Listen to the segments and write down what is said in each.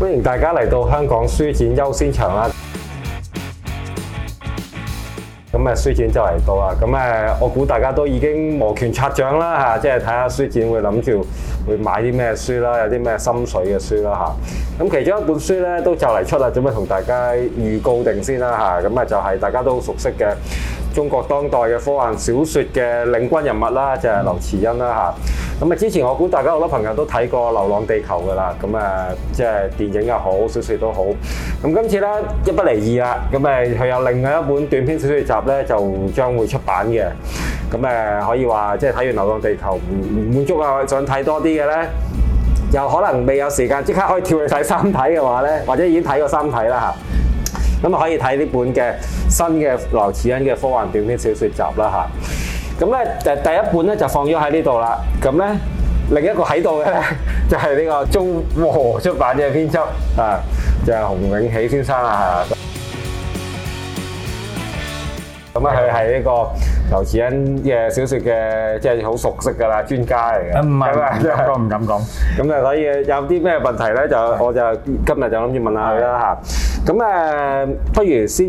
歡迎大家嚟到香港書展優先場啦！咁啊書展就嚟到啦，咁誒我估大家都已經摩拳擦掌啦嚇、啊，即係睇下書展會諗住會買啲咩書啦，有啲咩心水嘅書啦嚇。咁、啊、其中一本書咧都就嚟出啦，準備同大家預告定先啦嚇？咁啊就係大家都熟悉嘅。中國當代嘅科幻小説嘅領軍人物啦，就係劉慈欣啦吓，咁啊，之前我估大家好多朋友都睇過《流浪地球》噶啦，咁啊，即係電影又好，小説都好。咁今次咧一不離二啦，咁誒佢有另外一本短篇小説集咧，就將會出版嘅。咁誒可以話，即係睇完《流浪地球》唔唔滿足啊，我想睇多啲嘅咧，又可能未有時間即刻可以跳去睇三體嘅話咧，或者已經睇過三體啦嚇。咁啊，可以睇呢本嘅新嘅劉慈欣嘅科幻短篇小説集啦吓，咁、嗯、咧，第第一本咧就放咗喺呢度啦。咁、嗯、咧，另一個喺度嘅咧就係呢個中和出版嘅編輯啊、嗯，就係、是、洪永起先生啊吓。咁、嗯、啊，佢係呢個劉慈欣嘅小説嘅，即係好熟悉噶啦，專家嚟嘅。唔係是，都唔敢講。咁啊、就是，所以有啲咩問題咧，就對 我就今日就諗住問下佢啦吓。對 咁誒，不如先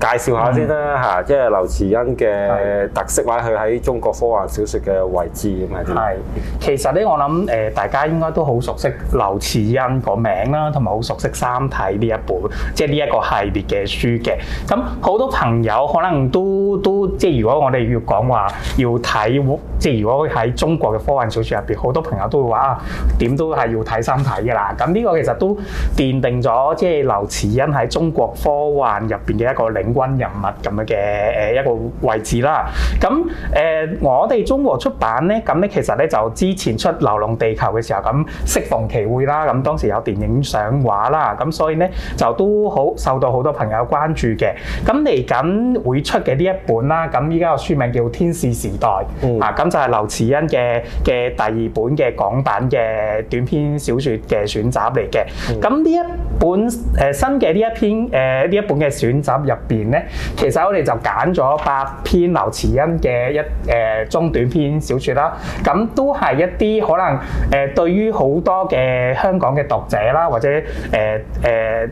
介紹下先啦吓，即係劉慈欣嘅特色或者佢喺中國科幻小說嘅位置咁樣。係，其實咧，我諗誒，大家應該都好熟悉劉慈欣個名啦，同埋好熟悉《三體》呢一本，即係呢一個系列嘅書嘅。咁好多朋友可能都都，即係如果我哋要講話要睇，即係如果喺中國嘅科幻小說入邊，好多朋友都會話啊，點都係要睇《三體》噶啦。咁呢個其實都奠定咗，即係劉慈欣，喺中國科幻入邊嘅一個領軍人物咁樣嘅誒，一個位置啦。咁誒、呃、我哋中國出版咧，咁咧其實咧就之前出《流浪地球》嘅時候，咁適逢其會啦，咁當時有電影上畫啦，咁所以咧就都好受到好多朋友關注嘅。咁嚟緊會出嘅呢一本啦，咁依家個書名叫《天使時代》，嗯、啊，咁就係劉慈欣嘅嘅第二本嘅港版嘅短篇小說嘅選集嚟嘅。咁呢、嗯、一本誒、呃、新嘅呢？一篇誒呢、呃、一本嘅選集入邊咧，其實我哋就揀咗八篇劉慈欣嘅一誒、呃、中短篇小說啦，咁、啊、都係一啲可能誒、呃、對於好多嘅香港嘅讀者啦，或者誒誒。呃呃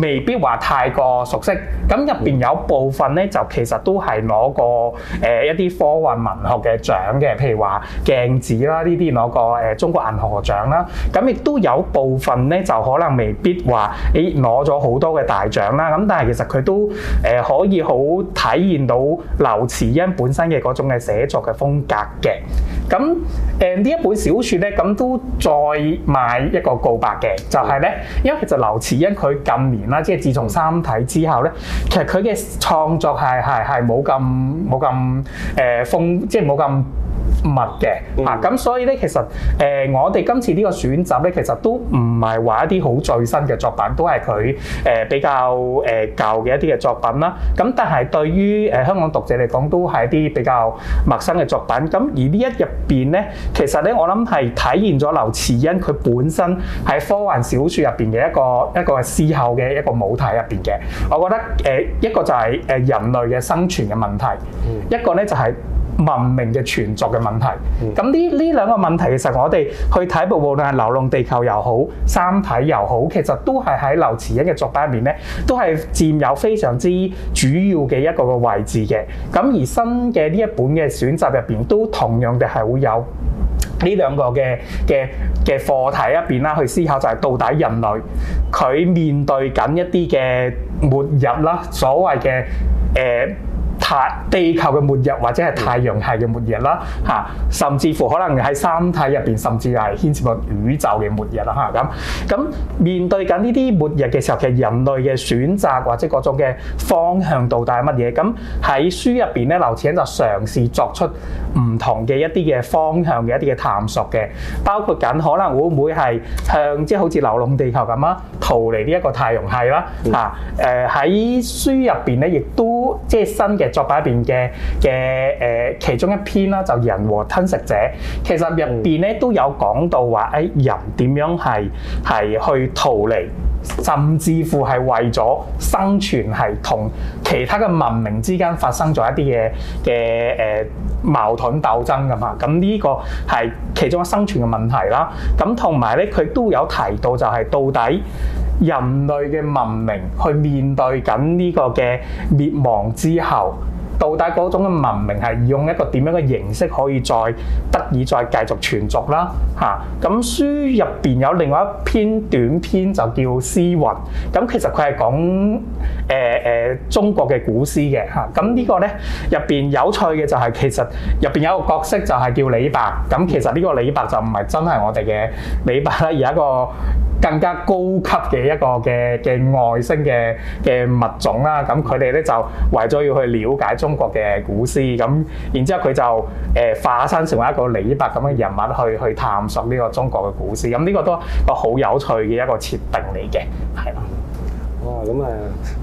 未必話太過熟悉，咁入邊有部分咧就其實都係攞過誒、呃、一啲科幻文學嘅獎嘅，譬如話鏡子啦呢啲攞個誒中國銀河獎啦，咁亦都有部分咧就可能未必話誒攞咗好多嘅大獎啦，咁但係其實佢都誒、呃、可以好體現到劉慈欣本身嘅嗰種嘅寫作嘅風格嘅，咁誒呢一本小説咧咁都再買一個告白嘅，就係、是、咧因為其實劉慈欣佢近年。啦，即係自從三體之後咧，其實佢嘅創作係係係冇咁冇咁誒風，即係冇咁。物嘅、嗯、啊，咁所以咧，其實誒、呃，我哋今次呢個選擇咧，其實都唔係話一啲好最新嘅作品，都係佢誒比較誒、呃、舊嘅一啲嘅作品啦。咁、啊、但係對於誒、呃、香港讀者嚟講，都係一啲比較陌生嘅作品。咁、啊、而一呢一入邊咧，其實咧，我諗係體現咗劉慈欣佢本身喺科幻小說入邊嘅一個一個思考嘅一個母題入邊嘅。我覺得誒、呃、一個就係誒人類嘅生存嘅問題，嗯、一個咧就係、是。文明嘅存續嘅問題，咁呢呢兩個問題其實我哋去睇部無論係《流浪地球》又好，《三體》又好，其實都係喺劉慈欣嘅作品入面咧，都係佔有非常之主要嘅一個個位置嘅。咁而新嘅呢一本嘅選擇入邊，都同樣地係會有呢兩個嘅嘅嘅課題入邊啦，去思考就係到底人類佢面對緊一啲嘅末日啦，所謂嘅誒。地球嘅末日或者係太陽系嘅末日啦，吓，甚至乎可能喺三體入邊，甚至係牽涉到宇宙嘅末日啦，吓、啊，咁咁面對緊呢啲末日嘅時候，其實人類嘅選擇或者各種嘅方向到底係乜嘢？咁喺書入邊咧，劉慈欣就嘗試作出唔同嘅一啲嘅方向嘅一啲嘅探索嘅，包括緊可能會唔會係向即係好似流浪地球咁啊，逃離呢一個太陽系啦，吓、啊、誒，喺、呃、書入邊咧，亦都即係新嘅。作擺入邊嘅嘅誒其中一篇啦，就人和吞食者，其實入邊咧都有講到話，誒、哎，人點樣係係去逃離，甚至乎係為咗生存係同其他嘅文明之間發生咗一啲嘢嘅誒矛盾鬥爭噶嘛。咁呢個係其中嘅生存嘅問題啦。咁同埋咧，佢都有提到就係到底。人類嘅文明去面對緊呢個嘅滅亡之後，到底嗰種嘅文明係用一個點樣嘅形式可以再得以再繼續存續啦？嚇、啊！咁書入邊有另外一篇短篇就叫《詩雲》，咁其實佢係講。誒誒、呃呃，中國嘅古詩嘅嚇，咁、啊這個、呢個咧入邊有趣嘅就係、是、其實入邊有一個角色就係叫李白，咁、啊、其實呢個李白就唔係真係我哋嘅李白啦，而係一個更加高級嘅一個嘅嘅外星嘅嘅物種啦，咁佢哋咧就為咗要去了解中國嘅古詩，咁、啊、然之後佢就誒、呃、化身成為一個李白咁嘅人物去去探索呢個中國嘅古詩，咁、啊、呢、這個都個好有趣嘅一個設定嚟嘅，係咯。哇！咁誒，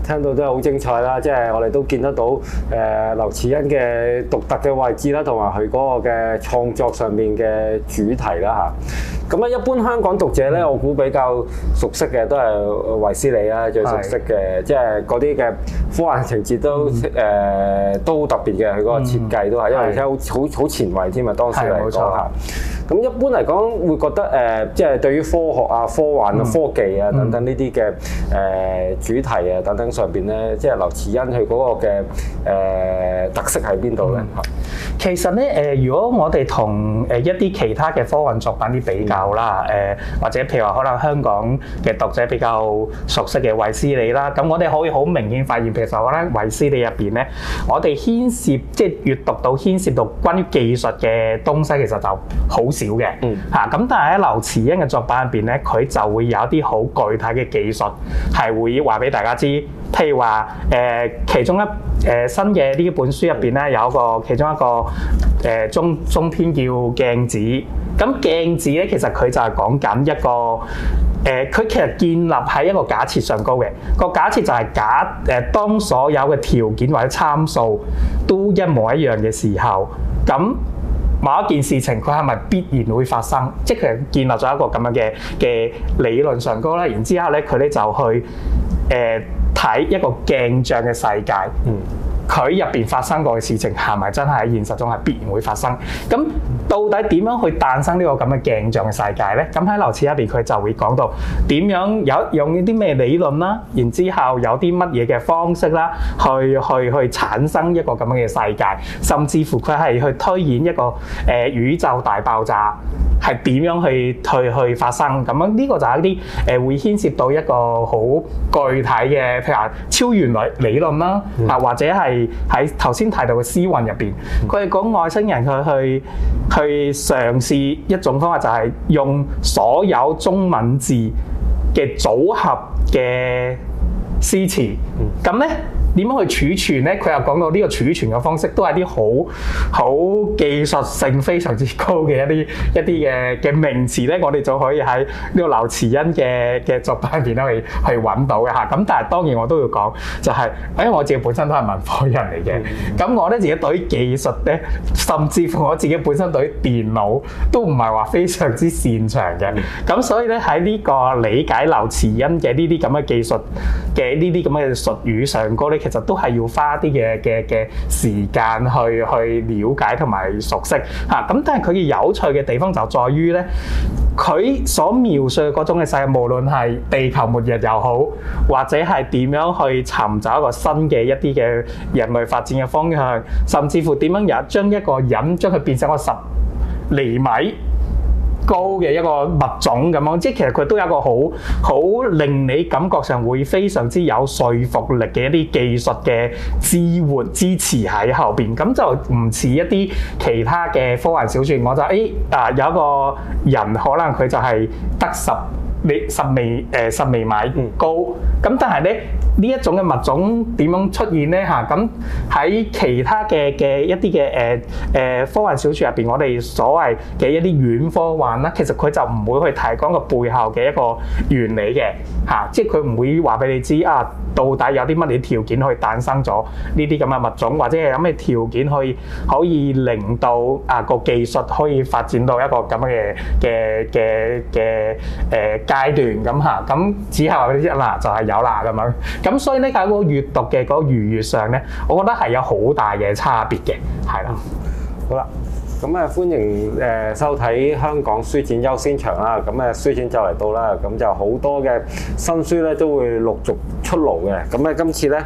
聽到都係好精彩啦，即係我哋都見得到誒劉慈欣嘅獨特嘅位置啦，同埋佢嗰個嘅創作上面嘅主題啦嚇。咁啊，一般香港讀者咧，我估比較熟悉嘅都係衛斯理啦、啊，最熟悉嘅，是即係嗰啲嘅科幻情節都誒、嗯呃、都特別嘅，佢嗰個設計都係，嗯、因為而且好好前衞添嘛。當時嚟講嚇。咁錯一般嚟講會覺得誒、呃，即係對於科學啊、科幻啊、科技啊等等呢啲嘅誒主題啊等等上邊咧，即係劉慈欣佢嗰個嘅誒、呃、特色喺邊度咧？其實咧誒、呃，如果我哋同誒一啲其他嘅科幻作品啲比較。有啦，誒或者譬如話，可能香港嘅讀者比較熟悉嘅衛斯理啦，咁我哋可以好明顯發現，其實我覺得衛斯理入邊咧，我哋牽涉即係、就是、閱讀到牽涉到關於技術嘅東西，其實就好少嘅，嚇、嗯。咁、啊、但係喺劉慈欣嘅作品入邊咧，佢就會有一啲好具體嘅技術係會話俾大家知。譬如話，誒、呃、其中一誒、呃、新嘅呢本書入邊咧，有一個其中一個誒、呃、中中篇叫鏡子。咁鏡子咧，其實佢就係講緊一個誒，佢、呃、其實建立喺一個假設上高嘅、個假設就係假誒、呃，當所有嘅條件或者參數都一模一樣嘅時候，咁某一件事情佢係咪必然會發生？即係佢係建立咗一個咁樣嘅嘅理論上高啦。然之後咧，佢咧就去誒睇、呃、一個鏡像嘅世界，嗯。佢入邊發生過嘅事情係咪真係喺現實中係必然會發生？咁到底點樣去誕生呢個咁嘅鏡像嘅世界咧？咁喺樓次入邊佢就會講到點樣有,有用啲咩理論啦、啊，然之後有啲乜嘢嘅方式啦、啊，去去去產生一個咁樣嘅世界，甚至乎佢係去推演一個誒、呃、宇宙大爆炸係點樣去去去發生？咁樣呢個就係一啲誒、呃、會牽涉到一個好具體嘅，譬如話超弦理論啦、啊，啊或者係。係喺頭先提到嘅詩雲入邊，佢係講外星人佢去去嘗試一種方法，就係用所有中文字嘅組合嘅詩詞，咁呢。點樣去儲存咧？佢又講到呢個儲存嘅方式，都係啲好好技術性非常之高嘅一啲一啲嘅嘅名詞咧。我哋就可以喺呢個劉慈欣嘅嘅作品入面咧去去揾到嘅嚇。咁但係當然我都要講、就係，就係誒我自己本身都係文科人嚟嘅。咁、嗯、我咧自己對於技術咧，甚至乎我自己本身對於電腦都唔係話非常之擅長嘅。咁、嗯、所以咧喺呢個理解劉慈欣嘅呢啲咁嘅技術嘅呢啲咁嘅術語上高咧。其實都係要花一啲嘅嘅嘅時間去去了解同埋熟悉吓，咁但係佢嘅有趣嘅地方就在於咧，佢所描述嗰種嘅世界，無論係地球末日又好，或者係點樣去尋找一個新嘅一啲嘅人類發展嘅方向，甚至乎點樣又將一個人將佢變成個十釐米高嘅一個物種咁咯，即係其實佢都有一個好好令你感覺上會非常之有說服力嘅一啲技術嘅支援支持喺後邊，咁就唔似一啲其他嘅科幻小說，我就誒啊、哎呃、有一個人可能佢就係得十釐十釐誒、呃、十釐米高，咁但係咧。呢一種嘅物種點樣出現咧？吓，咁、啊、喺其他嘅嘅一啲嘅誒誒科幻小説入邊，我哋所謂嘅一啲軟科幻啦，其實佢就唔會去提供個背後嘅一個原理嘅吓、啊，即係佢唔會話俾你知啊，到底有啲乜嘢條件去誕生咗呢啲咁嘅物種，或者係有咩條件可以可以令到啊個技術可以發展到一個咁嘅嘅嘅嘅誒階段咁吓，咁只係話俾你知嗱、啊，就係、是、有啦咁樣。咁所以呢個閱讀嘅嗰愉悅上呢，我覺得係有好大嘅差別嘅，係啦。好啦，咁啊歡迎誒、呃、收睇香港書展優先場啦，咁誒書展就嚟到啦，咁就好多嘅新書呢都會陸續出爐嘅，咁咧今次呢，誒、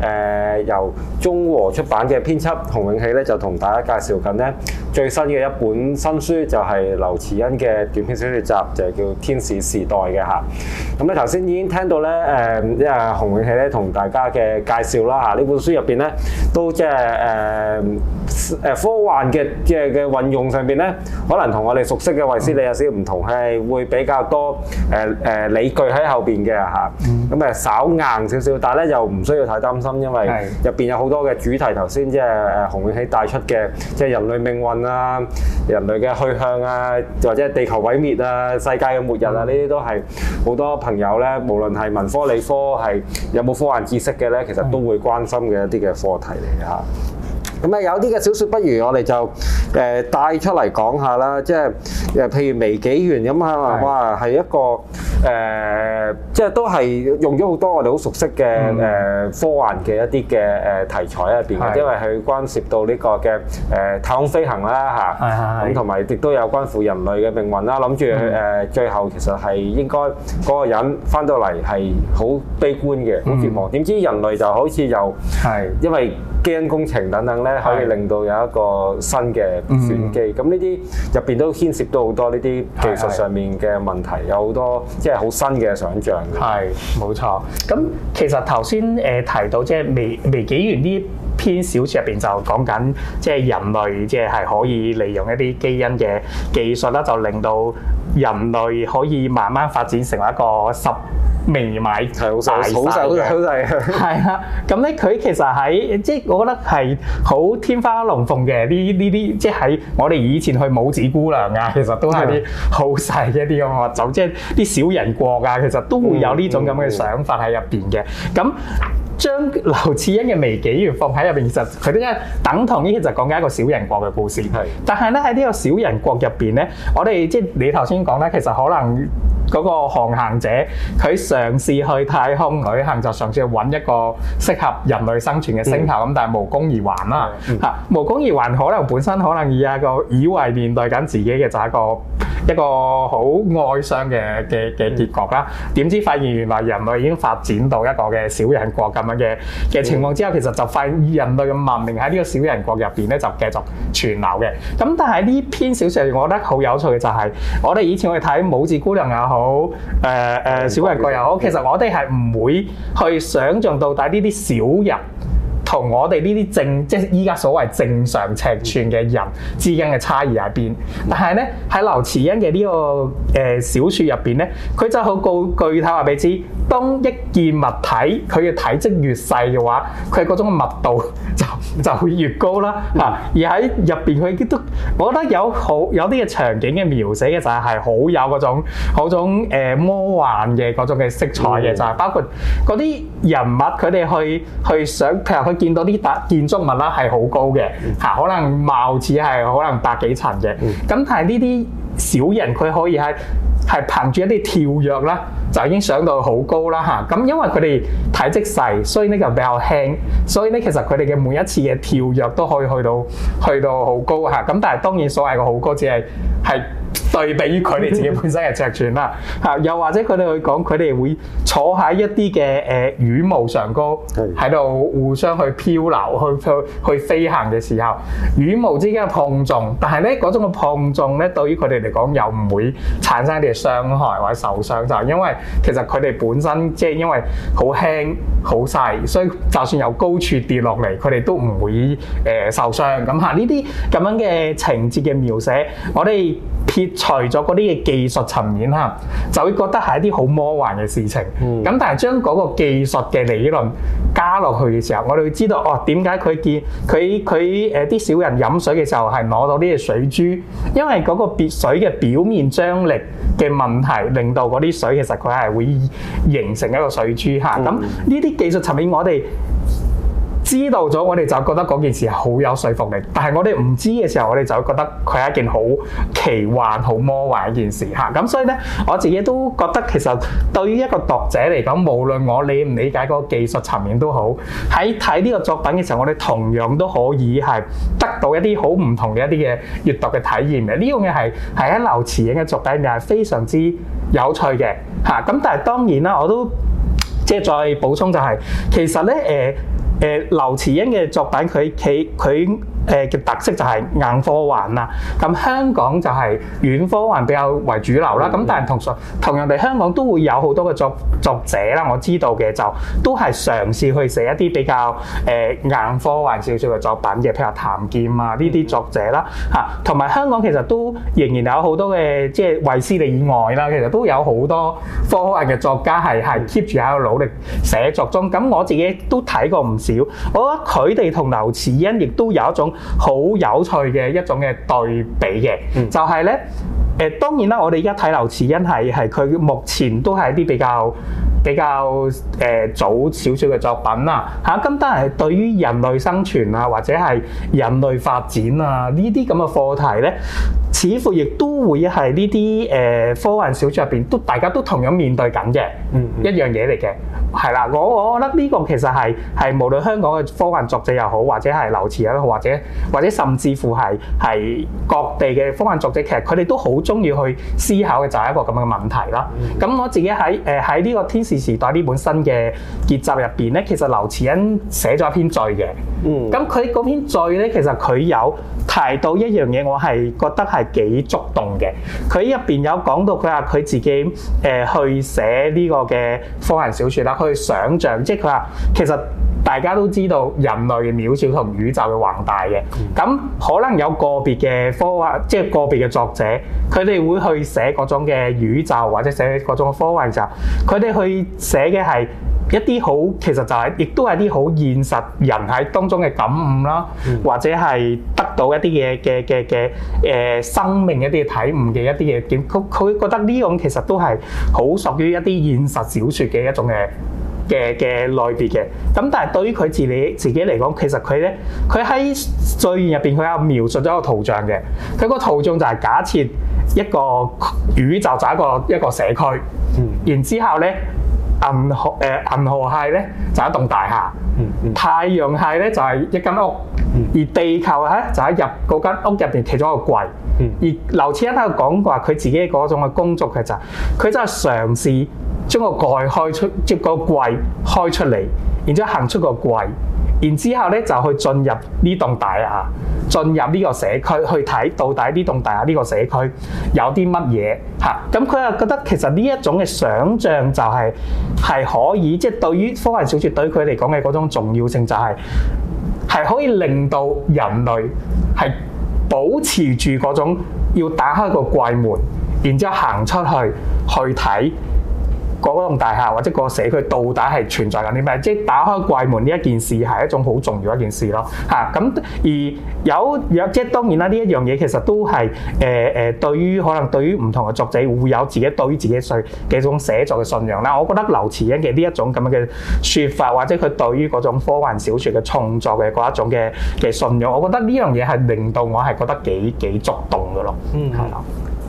呃、由中和出版嘅編輯洪永起呢就同大家介紹緊呢。最新嘅一本新書就係、是、劉慈欣嘅短篇小說集，就係、是、叫《天使時代》嘅。吓，咁咧頭先已經聽到咧，誒即係洪永起咧同大家嘅介紹啦。吓呢本書入邊咧都即係誒誒科幻嘅即係嘅運用上邊咧，可能同我哋熟悉嘅衛斯理有少少唔同，係、嗯、會比較多誒誒理據喺後邊嘅。吓咁誒稍硬少少，但係咧又唔需要太擔心，因為入邊有好多嘅主題頭先即係誒洪永起帶出嘅，即、就、係、是、人類命運。啊！人類嘅去向啊，或者地球毀滅啊，世界嘅末日啊，呢啲都係好多朋友呢，無論係文科理科係有冇科幻知識嘅呢，其實都會關心嘅一啲嘅課題嚟嚇。咁啊，有啲嘅小説不如我哋就誒帶出嚟講下啦，即係誒譬如《微紀元》咁嚇嘛，哇，係一個誒，即係都係用咗好多我哋好熟悉嘅誒科幻嘅一啲嘅誒題材入邊嘅，因為佢關涉到呢個嘅誒太空飛行啦嚇，咁同埋亦都有關乎人類嘅命運啦，諗住誒最後其實係應該嗰個人翻到嚟係好悲觀嘅，好絕望，點知人類就好似又係因為基因工程等等咧。可以令到有一個新嘅算機，咁呢啲入邊都牽涉到好多呢啲技術上面嘅問題，是是有好多即係好新嘅想像。係是，冇的錯。咁其實頭先誒提到，即、就、係、是《微微紀元》呢篇小説入邊就講緊，即、就、係、是、人類即係係可以利用一啲基因嘅技術啦，就令到人類可以慢慢發展成為一個十。未買係好細，好細嘅。係啊的，咁咧佢其實喺即係，就是、我覺得係好天花龍鳳嘅呢呢啲，即係喺我哋以前去拇指姑娘啊，其實都係啲好細一啲咁嘅就即係啲小人國啊，其實都會有呢種咁嘅想法喺入邊嘅。咁、嗯。嗯將劉慈欣嘅《微紀元》放喺入邊，其實佢都一等同於，其實講緊一個小人國嘅故事。係的，但係咧喺呢個小人國入邊咧，我哋即係你頭先講咧，其實可能嗰個航行，行者佢嘗試去太空旅行，就嘗試去揾一個適合人類生存嘅星球咁，嗯、但係無功而還啦。嚇，嗯、無功而還可能本身可能以一個以為面對緊自己嘅就係一個。一個好哀傷嘅嘅嘅結局啦，點、嗯、知發現原來人類已經發展到一個嘅小人國咁樣嘅嘅情況之後，嗯、其實就發現人類嘅文明喺呢個小人國入邊咧就繼續存留嘅。咁但係呢篇小説，我覺得好有趣嘅就係、是，我哋以前去睇拇指姑娘又好，誒、呃、誒、呃、小人國又好，其實我哋係唔會去想像到底呢啲小人，同我哋呢啲正即係依家所謂正常尺寸嘅人之間嘅差異喺邊？但係咧喺劉慈欣嘅，這個呃，呢個誒小説入邊咧，佢就好具體話俾你知。當一件物體佢嘅體積越細嘅話，佢係嗰種密度就就會越高啦。啊，而喺入邊佢都，我覺得有好有啲嘅場景嘅描寫嘅就係係好有嗰種好種、呃、魔幻嘅嗰種嘅色彩嘅、嗯、就係包括嗰啲人物佢哋去去想，譬如佢見到啲大建築物啦係好高嘅嚇、啊，可能貌似係可能百幾層嘅，咁、嗯、但係呢啲小人佢可以係。係憑住一啲跳躍啦，就已經上到好高啦嚇。咁、啊、因為佢哋體積細，所以咧就比較輕，所以咧其實佢哋嘅每一次嘅跳躍都可以去到去到好高嚇。咁、啊、但係當然所謂嘅好高只係係，對比於佢哋自己本身嘅尺寸啦，嚇， 又或者佢哋去講，佢哋會坐喺一啲嘅誒羽毛上高，喺度 互相去漂流，去去去飛行嘅時候，羽毛之間嘅碰撞，但係咧嗰種嘅碰撞咧，對於佢哋嚟講又唔會產生一啲嘅傷害或者受傷，就因為其實佢哋本身即係因為好輕好細，所以就算有高處跌落嚟，佢哋都唔會誒、呃、受傷。咁嚇呢啲咁樣嘅情節嘅描寫，我哋撇。除咗嗰啲嘅技術層面吓，就會覺得係一啲好魔幻嘅事情。咁但係將嗰個技術嘅理論加落去嘅時候，我哋會知道哦，點解佢見佢佢誒啲小人飲水嘅時候係攞到啲水珠，因為嗰個別水嘅表面張力嘅問題，令到嗰啲水其實佢係會形成一個水珠吓。咁呢啲技術層面我哋。知道咗，我哋就覺得嗰件事好有說服力。但係我哋唔知嘅時候，我哋就會覺得佢係一件好奇幻、好魔幻一件事嚇。咁、啊、所以呢，我自己都覺得其實對於一個讀者嚟講，無論我理唔理解嗰個技術層面都好，喺睇呢個作品嘅時候，我哋同樣都可以係得到一啲好唔同嘅一啲嘅閱讀嘅體驗嘅。呢樣嘢係係喺劉慈欣嘅作品入面係非常之有趣嘅嚇。咁、啊、但係當然啦，我都即係再補充就係、是、其實呢。誒、呃。誒，劉慈欣嘅作品，佢佢佢誒嘅特色就係硬科幻啦。咁香港就係軟科幻比較為主流啦。咁、嗯、但係同同樣哋香港都會有好多嘅作作者啦。我知道嘅就都係嘗試去寫一啲比較誒、呃、硬科幻少少嘅作品嘅，譬如話譚劍啊呢啲作者啦嚇。同埋、嗯、香港其實都仍然有好多嘅即係衛斯理以外啦，其實都有好多科幻嘅作家係係 keep 住喺度努力寫作中。咁我自己都睇過唔少。我覺得佢哋同劉慈欣亦都有一種好有趣嘅一種嘅對比嘅，就係、是、咧，誒、呃、當然啦，我哋而家睇劉慈欣係係佢目前都係一啲比較比較誒、呃、早少少嘅作品啦，嚇、啊，咁但係對於人類生存啊或者係人類發展啊呢啲咁嘅課題咧。呢似乎亦都會係呢啲誒科幻小説入邊，都大家都同樣面對緊嘅、mm hmm. 一樣嘢嚟嘅。係啦，我我覺得呢個其實係係無論香港嘅科幻作者又好，或者係劉慈欣好，或者或者甚至乎係係各地嘅科幻作者，其實佢哋都好中意去思考嘅就係一個咁嘅問題啦。咁、mm hmm. 我自己喺誒喺呢個《天使時代》呢本新嘅結集入邊咧，其實劉慈欣寫咗一篇序嘅。嗯、mm。咁佢嗰篇序咧，其實佢有提到一樣嘢，我係覺得係。幾觸動嘅，佢入邊有講到，佢話佢自己誒去寫呢個嘅科幻小説啦，佢想象，即係佢話其實大家都知道人類嘅渺小同宇宙嘅宏大嘅，咁可能有個別嘅科幻，即係個別嘅作者，佢哋會去寫各種嘅宇宙或者寫各種嘅科幻嘅時候，佢哋去寫嘅係。一啲好其實就係、是，亦都係啲好現實人喺當中嘅感悟啦，嗯、或者係得到一啲嘢嘅嘅嘅誒生命一啲嘅體悟嘅一啲嘢點。佢佢覺得呢種其實都係好屬於一啲現實小説嘅一種誒嘅嘅類別嘅。咁但係對於佢自己自己嚟講，其實佢咧佢喺序言入邊佢有描述咗一個圖像嘅。佢個圖像就係假設一個宇宙就一個一個社區，然之後咧。銀河誒、呃、銀河系咧就是、一棟大廈，嗯嗯、太陽系咧就係、是、一間屋，嗯、而地球咧就喺、是、入嗰間屋入邊其中一個櫃，嗯、而劉慈欣佢度講話佢自己嗰種嘅工作嘅就是，佢真係嘗試將個蓋開出，將個櫃開出嚟，然之後行出個櫃。然之後咧，就去進入呢棟大廈，進入呢個社區去睇，到底呢棟大廈呢個社區有啲乜嘢嚇？咁佢又覺得其實呢一種嘅想像就係、是、係可以，即、就、係、是、對於科幻小説對佢嚟講嘅嗰種重要性、就是，就係係可以令到人類係保持住嗰種要打開個櫃門，然之後行出去去睇。個棟大廈或者個社區到底係存在緊啲咩？即係打開櫃門呢一件事係一種好重要一件事咯。嚇、啊、咁而有若即，當然啦，呢一樣嘢其實都係誒誒，對於可能對於唔同嘅作者會有自己對於自己信嘅一種寫作嘅信仰啦。我覺得劉慈欣嘅呢一種咁嘅說法，或者佢對於嗰種科幻小説嘅創作嘅嗰一種嘅嘅信仰，我覺得呢樣嘢係令到我係覺得幾幾觸動㗎咯。嗯，係啦。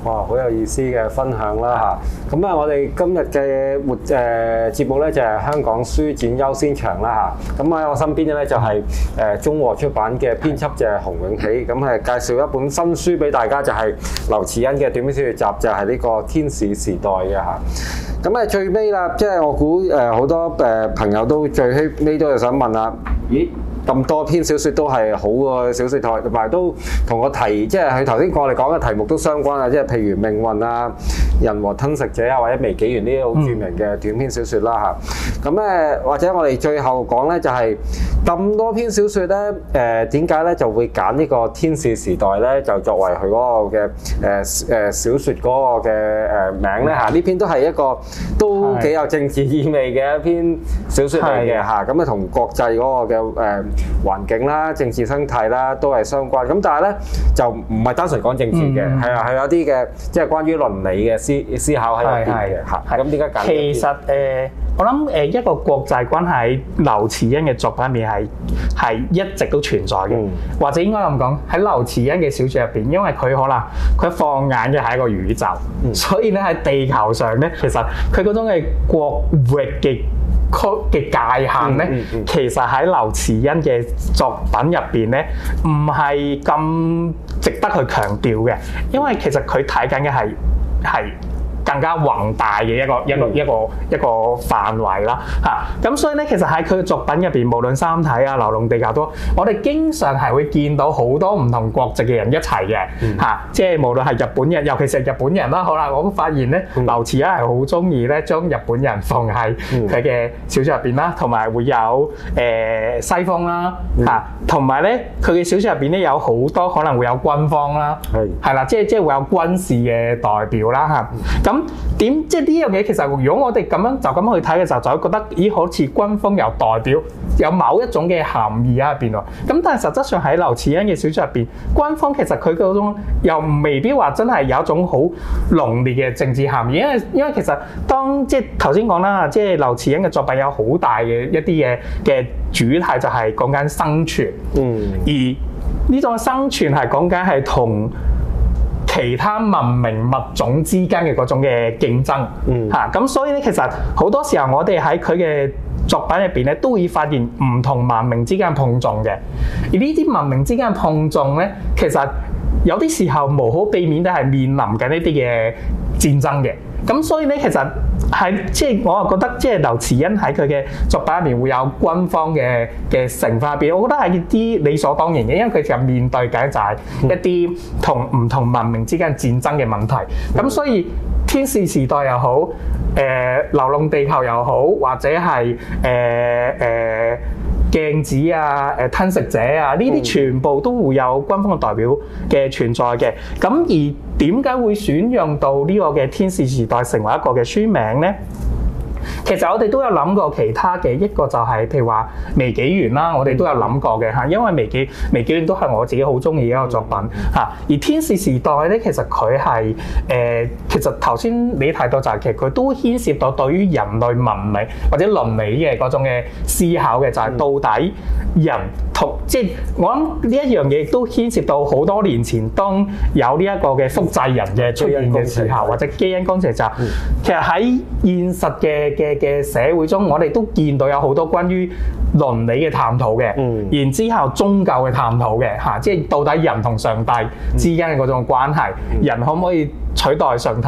哇，好有意思嘅分享啦嚇！咁啊，我哋今日嘅活誒節目咧就係香港書展優先場啦嚇。咁喺我身邊嘅咧就係誒中和出版嘅編輯就係洪永起，咁係介紹一本新書俾大家，就係劉慈欣嘅《短篇小說集》，就係呢個天使時代嘅嚇。咁啊，最尾啦，即係我估誒好多誒朋友都最尾都又想問啦，咦？咁多篇小説都係好嘅小説台，同埋都同個題，即係佢頭先過嚟講嘅題目都相關啊！即係譬如命運啊、人和吞食者啊，或者微紀元呢啲好著名嘅短篇小説啦嚇。咁誒，或者我哋最後講咧，就係咁多篇小説咧，誒點解咧就會揀呢個天使時代咧，就作為佢嗰個嘅誒誒小説嗰個嘅誒名咧嚇？呢篇都係一個都幾有政治意味嘅一篇小説嚟嘅嚇。咁啊，同國際嗰個嘅誒。環境啦、政治生態啦，都係相關。咁但係咧，就唔係單純講政治嘅，係啊、嗯，係有啲嘅，即係關於倫理嘅思思考喺度。係係嚇。咁點解？其實誒、呃，我諗誒一個國際關係，劉慈欣嘅作品面係係一直都存在嘅，嗯、或者應該咁講喺劉慈欣嘅小説入邊，因為佢可能佢放眼嘅係一個宇宙，嗯、所以咧喺地球上咧，其實佢嗰種嘅國域嘅。曲嘅界限咧，其實喺劉慈欣嘅作品入邊咧，唔係咁值得去強調嘅，因為其實佢睇緊嘅係係更加宏大嘅一個一個一個一個範圍啦嚇，咁所以咧其實喺佢嘅作品入邊，無論三體啊、流浪地球都，我哋經常係會見到好多唔同國籍嘅人一齊嘅嚇，即係無論係日本人，尤其是日本人啦，好啦，我發現咧，劉慈欣係好中意咧將日本人放喺佢嘅小説入邊啦，同埋會有誒西方啦嚇，同埋咧佢嘅小説入邊咧有好多可能會有軍方啦，係係啦，即係即係會有軍事嘅代表啦嚇，咁。咁點即係呢樣嘢？嗯、其實如果我哋咁樣就咁去睇嘅時候，就會覺得咦，好似軍方又代表，有某一種嘅含義喺入邊喎。咁但係實質上喺劉慈欣嘅小説入邊，軍方其實佢嗰種又未必話真係有一種好濃烈嘅政治含義，因為因為其實當即係頭先講啦，即係劉慈欣嘅作品有好大嘅一啲嘢嘅主題，就係講緊生存。嗯，而呢種生存係講緊係同。其他文明物種之間嘅嗰種嘅競爭，嗯，吓、啊，咁所以咧，其實好多時候我哋喺佢嘅作品入邊咧，都會發現唔同文明之間碰撞嘅，而呢啲文明之間碰撞咧，其實有啲時候無可避免都係面臨緊呢啲嘅戰爭嘅。咁所以咧，其實係即係我啊覺得，即係劉慈欣喺佢嘅作品入面會有軍方嘅嘅成化表，我覺得係一啲理所當然嘅，因為佢就面對緊就係一啲同唔同文明之間戰爭嘅問題。咁所以《天使時代》又好，誒、呃《流浪地球》又好，或者係誒誒，呃呃鏡子啊，誒吞食者啊，呢啲全部都會有軍方嘅代表嘅存在嘅。咁而點解會選用到呢個嘅天使時代成為一個嘅書名呢？其實我哋都有諗過其他嘅，一個就係譬如話《微紀元》啦，我哋都有諗過嘅嚇，因為微《微紀》《微紀元》都係我自己好中意一個作品嚇。嗯嗯、而《天使時代》咧，其實佢係誒，其實頭先你提到就係其實佢都牽涉到對於人類文明或者倫理嘅嗰種嘅思考嘅，就係到底人同即係、嗯、我諗呢一樣嘢都牽涉到好多年前當有呢一個嘅複製人嘅出現嘅時候，或者基因工程就是嗯嗯、其實喺現實嘅。嘅嘅社會中，我哋都見到有好多關於倫理嘅探討嘅，嗯、然之後宗教嘅探討嘅，嚇，即係到底人同上帝之間嗰種關係，嗯、人可唔可以取代上帝，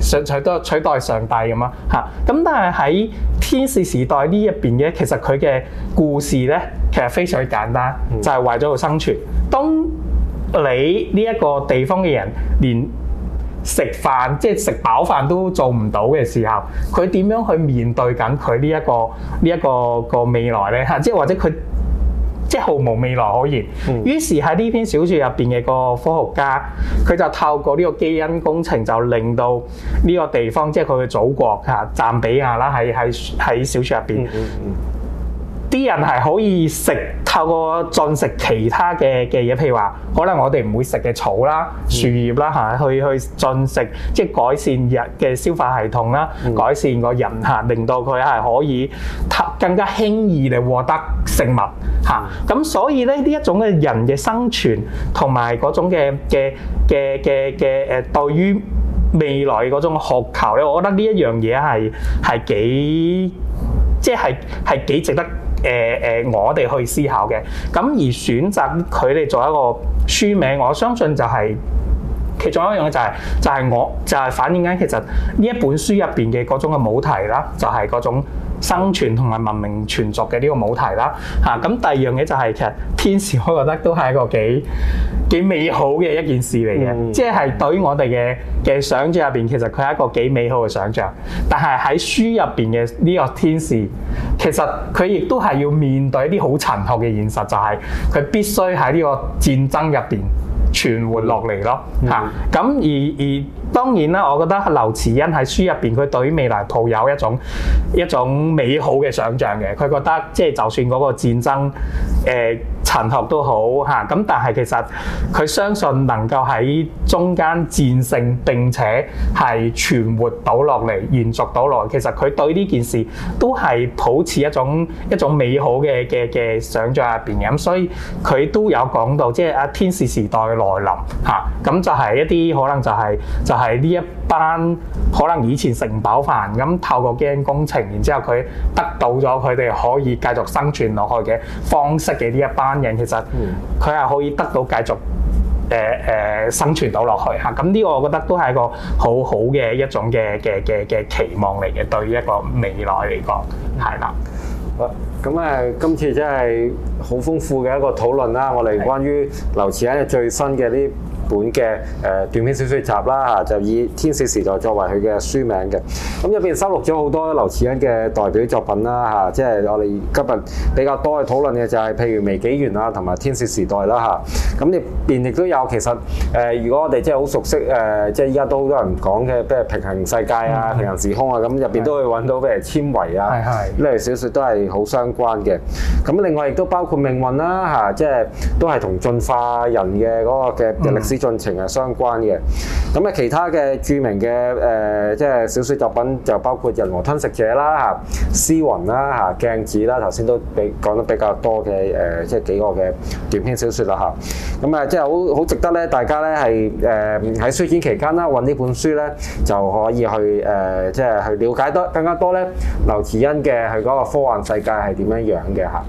取取多取代上帝咁樣？嚇，咁但係喺天使時代呢一邊嘅，其實佢嘅故事咧，其實非常簡單，嗯、就係為咗去生存。當你呢一個地方嘅人連食飯即係食飽飯都做唔到嘅時候，佢點樣去面對緊佢呢一個呢一、呢個、呢個未來呢？嚇，即係或者佢即係毫無未來可言。於是喺呢篇小説入邊嘅個科學家，佢就透過呢個基因工程就令到呢個地方，即係佢嘅祖國嚇，贊比亞啦，喺喺喺小説入邊。啲人係可以食，透過進食其他嘅嘅嘢，譬如話，可能我哋唔會食嘅草啦、樹葉啦嚇、啊，去去進食，即係改善人嘅消化系統啦，改善個人嚇、啊，令到佢係可以更加輕易地獲得食物嚇。咁、啊、所以咧，呢一種嘅人嘅生存同埋嗰種嘅嘅嘅嘅嘅誒，對於未來嗰種渴求咧，我覺得呢一樣嘢係係幾即係係幾值得。誒誒、呃呃，我哋去思考嘅，咁而選擇佢哋做一個書名，我相信就係其中一樣嘅就係、是，就係、是、我就係、是、反映緊其實呢一本書入邊嘅各種嘅母題啦，就係、是、嗰種。生存同埋文明存續嘅呢個母題啦，吓，咁第二樣嘢就係、是、其實天使，我覺得都係一個幾幾美好嘅一件事嚟嘅。嗯、即係對於我哋嘅嘅想象入邊其實佢係一個幾美好嘅想象但係喺書入邊嘅呢個天使，其實佢亦都係要面對一啲好殘酷嘅現實，就係、是、佢必須喺呢個戰爭入邊。存活落嚟咯嚇，咁、嗯啊、而而當然啦，我覺得劉慈欣喺書入邊，佢對於未來抱有一種一種美好嘅想像嘅，佢覺得即係就算嗰個戰爭、呃殘學都好吓，咁、啊、但係其實佢相信能夠喺中間戰勝並且係存活到落嚟，延續到落嚟。其實佢對呢件事都係抱持一種一種美好嘅嘅嘅想象入邊嘅，咁、啊、所以佢都有講到，即係阿天使時代嘅來臨吓，咁、啊、就係一啲可能就係、是、就係、是、呢一班可能以前食唔飽飯，咁透過基因工程，然之後佢得到咗佢哋可以繼續生存落去嘅方式嘅呢一班。其實佢係可以得到繼續誒誒生存到落去嚇，咁、這、呢個我覺得都係一個好好嘅一種嘅嘅嘅嘅期望嚟嘅，對於一個未來嚟講係啦。咁誒，今、嗯、次真係好豐富嘅一個討論啦。的我哋關於劉慈欣最新嘅啲。本嘅誒短篇小説集啦嚇，啊，就以天、啊就是啊《天使時代》作為佢嘅書名嘅。咁入邊收錄咗好多劉慈欣嘅代表作品啦嚇，即係我哋今日比較多嘅討論嘅就係譬如《微紀元》啊，同埋《天使時代》啦嚇。咁入邊亦都有其實誒、呃，如果我哋即係好熟悉誒、呃，即係依家都好多人講嘅，譬如《平行世界》啊、嗯、平行時空啊，咁入邊都會揾到，譬如《纖維》啊，呢類小説都係好相關嘅。咁另外亦都包括命運啦、啊、嚇、啊，即係都係同進化人嘅嗰個嘅歷史、嗯。進程係相關嘅，咁啊其他嘅著名嘅誒、呃，即係小説作品就包括《人和吞食者》啦嚇，《詩雲》啦嚇，《鏡子》啦、啊，頭先都比講得比較多嘅誒、呃，即係幾個嘅短篇小説啦嚇。咁啊，即係好好值得咧，大家咧係誒喺書展期間啦，揾呢本書咧就可以去誒、呃，即係去了解得更加多咧。劉慈欣嘅佢嗰個科幻世界係點樣樣嘅嚇。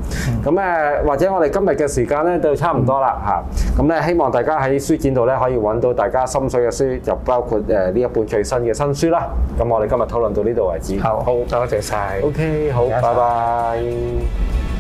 咁、啊、誒，或者我哋今日嘅時間咧都差唔多啦嚇。咁、啊、咧，希望大家喺書展度咧可以揾到大家心水嘅書，就包括誒呢一本最新嘅新書啦。咁我哋今日討論到呢度為止。好，好多謝晒。OK，好，拜拜。Bye bye